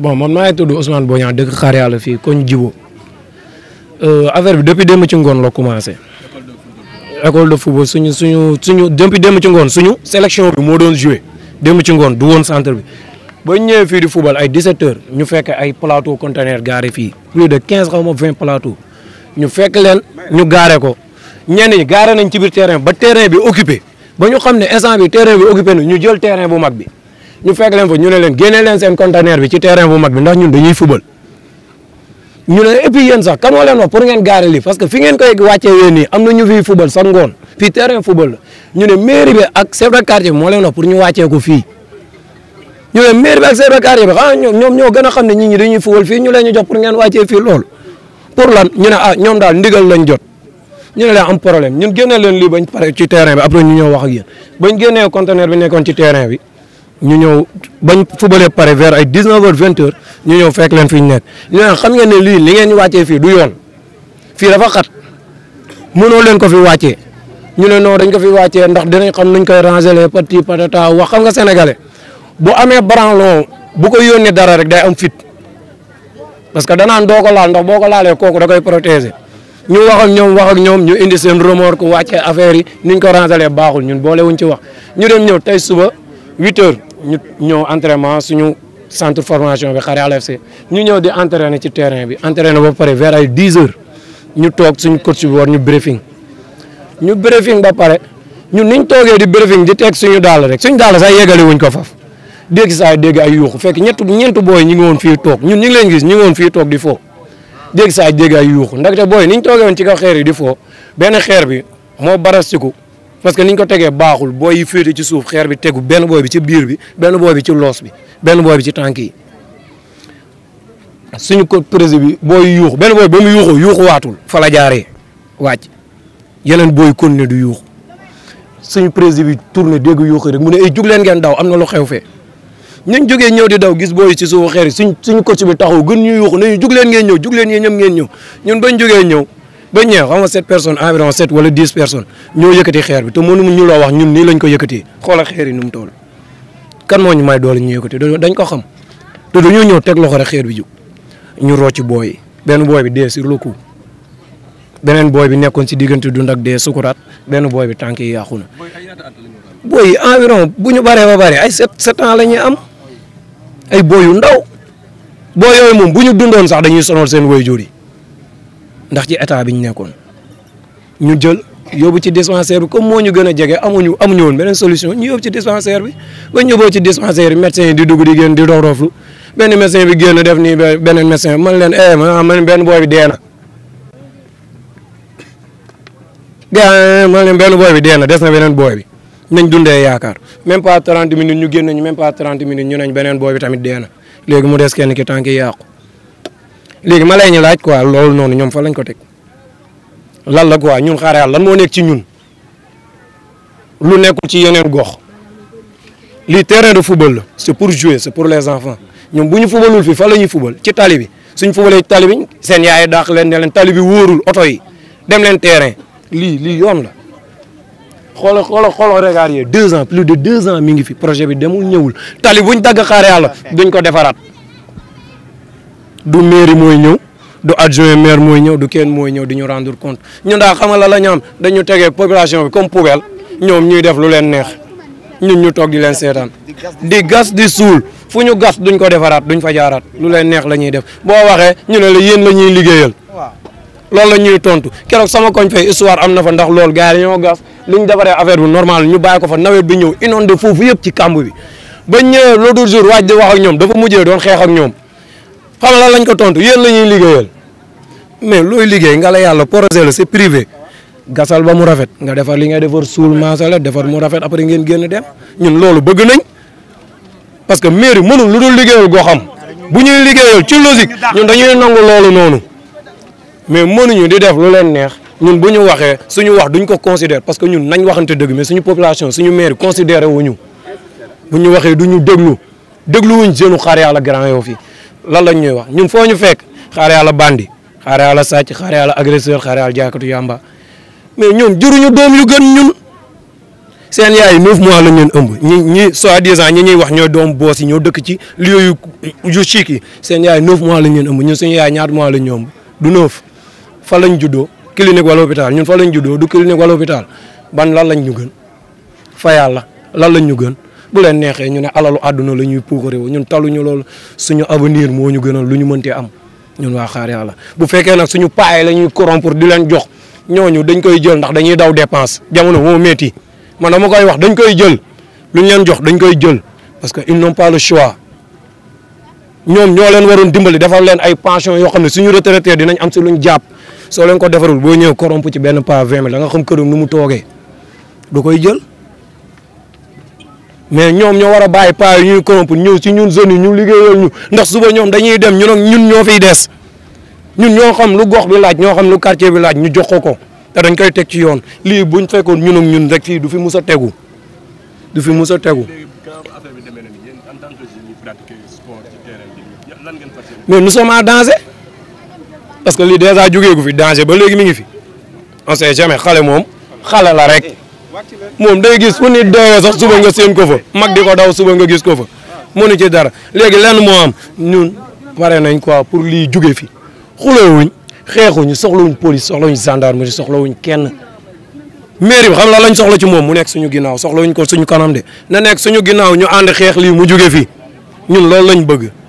bon man maa ngi tudd Ousmane Boñan dëkk xaar yàlla fii koñ jibo euh, affaire bi depuis démb ci ngoon la commencé école de football suñu suñu suñu depuis démb ci ngoon suñu sélection bi moo doon joué démb ci ngoon du woon centre bi ba ñëwee fii di football ay 17 ñu fekk ay plateau conteneur garé fii plus de 15 xaw ma 20 plateau ñu fekk leen ñu garé ko ñenn ñi garé nañ ci biir terrain ba terrain bi occupé ba ñu xam ne instant bi terrain bi occupé na ñu jël terrain bu mag bi ñu fekk leen fa ñu ne leen génne leen seen conteneur bi ci terrain bu mag bi ndax ñun dañuy football ñu ne et puis yéen sax kan moo leen wax pour ngeen garé lii parce que fi ngeen koy wàccee yéen nii am na ñu fiy football ñu ne mairie bi ak chef de quartier bi pour ñu wàccee ko fii ñu ne maire bi ak ah, ñoo gën a ne nit ñi dañuy fuwal fii ñu leen ñu jox pour ngeen wàccee fii loolu pour lan ñu ne ah ñoom daal ndigal lañ jot ñu ne leen am problème ñun génne leen lii bañ pare ci terrain bi après ñu ñëw wax ak yéen bañ génnee conteneur bi nekkoon ci terrain bi ñu ñëw bañ fubalee pare vers ay 19 heures 20 heures ñu ñëw fekk leen fi ñu nekk xam ngeen ne lii li ngeen wàccee fii du yoon fii dafa xat mënoo leen ko fi wàccee ñu ne non dañ ko fi wàccee ndax dinañ xam nuñ koy rangé les petits patata wax xam nga sénégale bu amee branlon bu ko yónnee dara rek day am fit parce que danaan doo ko laal ndax boo ko laalee kooku da koy protéger ñu wax ñoom wax ak ñoom ñu indi seen remorque wàccee affaire yi niñ ko rangalee baaxul ñun boole wuñ ci wax ñu dem ñëw tey suba huit heures ñu ñëw entraînement suñu centre formation bi Xarale FC ñu ñëw di entraîner ci terrain bi entraîner ba pare vers ay dix heures ñu toog suñu coach bi war ñu briefing ñu briefing ba pare ñun niñ toogee di briefing di teg suñu daal rek suñu daal sax yegale wuñ ko faf dégg saa dégg ay yuuxu fekk ñett ñeent booy ñi ngi woon fii toog ñun ñu ngi leen gis ñu ngi woon fii toog di fo dégg saa dégg ay yuuxu ndaxte booy niñ toogee woon ci kaw xeer yi di fo benn xeer bi moo barasiku parce que niñ ko tegee baaxul booy yi ci suuf xeer bi tegu benn booy bi ci biir bi benn booy bi ci loos bi benn booy bi ci tànk yi suñu ko prési bi booy yuuxu benn booy ba mu yuuxu yuuxu waatul fa la jaaree wàcc yeneen booy continuer du yuuxu suñu prési bi tourné dégg yuuxu rek mu ne ay eh, jug leen ngeen daw am na lu xew fee ñañ jógee ñëw di daw gis booy ci suufu xeer yi suñ suñ coach bi taxaw gën ñu yuuxu nañu jug leen ngeen ñëw jug leen yéen ñoom ngeen ñëw ñun bañ jógee ñëw ba ñëw xam nga sept personnes environ sept wala dix personnes ñoo yëkkati xeer bi te mënu ñu loo wax ñun nii lañ ko yëkkati xoolal xeer yi nu mu toll kan moo ñu may doole ñu yëkkati dañ ko xam te dañoo ñëw teg loxo rek xeer bi jug ñu rocc booy benn booy bi dee sur le coup beneen booy bi nekkoon si diggante dund ak dee sukuraat benn booy bi tànk yi yàqu na booy yi bu ñu baree ba bare ay sept sept ans la ñuy am ay booy yu ndaw boo yooyu moom bu ñu dundoon sax dañuy sonal seen waajur juri ndax ci état bi ñu nekkoon ñu jël yóbbu ci dispensaire bi comme moo ñu gën a jege amuñu amuñu woon beneen solution ñu yóbbu ci dispensaire bi ba ñu yóbboo ci dispensaire bi médecin yi di dugg di génn di dooroflu benn médecin bi génn def nii beneen médecin man leen eh man benn booy bi dee na. gaa man benn booy bi dee na des na beneen booy bi. nañ dundee yaakaar même pas 30 minutes ñu génn ñu même pas 30 minutes ñu nañ beneen booy bi tamit dee na léegi mu des kenn ki tànk yi yàqu léegi ma lay ñu laaj quoi loolu noonu ñoom fa lañ ko teg lan la quoi ñun xaar yàlla lan moo nekk ci ñun lu nekkul ci yeneen gox lii terrain de football la c' est pour jouer c' est pour les enfants ñoom bu ñu fubalul fii fa la ñuy fubal ci tali bi suñ fubalee ci tali bi seen yaay dàq leen ne leen tali bi wóorul oto yi dem leen terrain lii lii yoon la. xoola xoola xoola regard yooyu deux ans plus de deux ans mi ngi fi projet bi demul ñëwul tali buñ dagg xaar yàlla duñ ko defaraat du mairie mooy ñëw du adjoint maire mooy ñëw du kenn mooy ñëw du ñu rendre compte ñu daal xamal la la ñu dañu tegee population bi comme poubelle ñoom ñuy def lu leen neex ñun ñu toog di leen seetaan di gas di suul fu ñu gas duñ ko defaraat duñ fa jaaraat lu leen neex la ñuy def boo waxee ñu ne la yéen la ñuy liggéeyal loolu la ñuy tontu keroog sama koñ fay histoire am na fa ndax loolu gars yi dañoo gas li ñu defaree affaire bu normal ñu bàyyi ko fa nawet bi ñëw inondé foofu yëpp ci kàmb bi ba ñëwee l'autre jour waaj di wax ak ñoom dafa mujjee doon xeex ak ñoom xam lan lañ ko tontu yéen la ñuy liggéeyal mais looy liggéey nga la yàlla projet la c'est privé gasal ba mu rafet nga defar li ngay defar suul maasale defar mu rafet après ngeen génn dem ñun loolu bëgg nañ parce que mairie mënul lu dul liggéeyal goo xam bu ñuy liggéeyal ci logique ñun dañuy nangu loolu noonu. mais mënuñu di def lu leen neex ñun bu ñu waxee suñu wax duñ ko considère parce que ñun nañ waxante dëgg mais suñu population suñu maire considéré wuñu bu ñu waxee du ñu déglu dégluwuñ jeune xaar yàlla grand yow lan lañ ñuy wax ñun foo ñu fekk xaar yàlla bandi xaar yàlla sàcc xaar yàlla agresseur xaar yàlla jaakatu yàmba mais ñoom juruñu doom yu gën ñun seen yaay neuf mois la ñun ëmb ñi ñi soi-disant ñi ñuy wax ñooy doom boos yi ñoo dëkk ci lieu yu yu chic yi seen yaay neuf mois la ñun ëmb ñun suñu yaay ñaata mois la ñu ëmb du neuf fa lañ juddoo clinique wala hôpital ñun fa lañ juddoo du clinique wala hôpital ban lan lañ ñu gën fa yàlla lan lañ ñu gën bu leen neexee ñu ne alalu àdduna la ñuy puukaree wu ñun taluñu loolu suñu avenir moo ñu gënal lu ñu mëntee am ñun waa xaar yàlla bu fekkee nag suñu paay la ñuy corrompre di leen jox ñooñu dañ koy jël dañuy daw dépense jamono moo métti man dama koy wax dañ koy jël lu leen jox dañ koy jël parce que ils n'ont pas le choix ñoom ñoo leen waroon dimbali defal leen ay pension yoo xam ne suñu retraité dinañ am si luñ jàpp soo leen ko defarul boo ñëw corrompu ci benn pas vingt mille da nga xam këram nu mu toogee du koy jël mais ñoom ñoo war a bàyyi pas yi ñuy corrompu ñëw si ñun zone yi ñu liggéeyal ñu ndax suba ñoom dañuy dem ñun ñun ñoo fiy des ñun ñoo xam lu gox bi laaj ñoo xam lu quartier bi laaj ñu jox ko ko te dañ koy teg ci yoon lii buñ fekkoon ñun ak ñun rek fii du fi mus a tegu du fi mus a tegu. mais nous sommes en parce que lii déjà jógeegu fi danger ba léegi mi ngi fi on sait jamais xale moom xale la rek moom day gis fu nit doyoo sax suba nga seen ko fa mag ko daw suba nga gis ko fa mënu ci dara léegi lenn moo am ñun pare nañ quoi pour lii jóge fi xuloowuñ xeexuñu soxlawuñ police soxlawuñ gendarmerie soxlawuñ kenn mairie bi xam la lañ soxla ci moom mu nekk suñu ginnaaw soxlawuñ ko suñu kanam de na nekk suñu ginnaaw ñu ànd xeex lii mu jóge fi ñun loolu lañ bëgg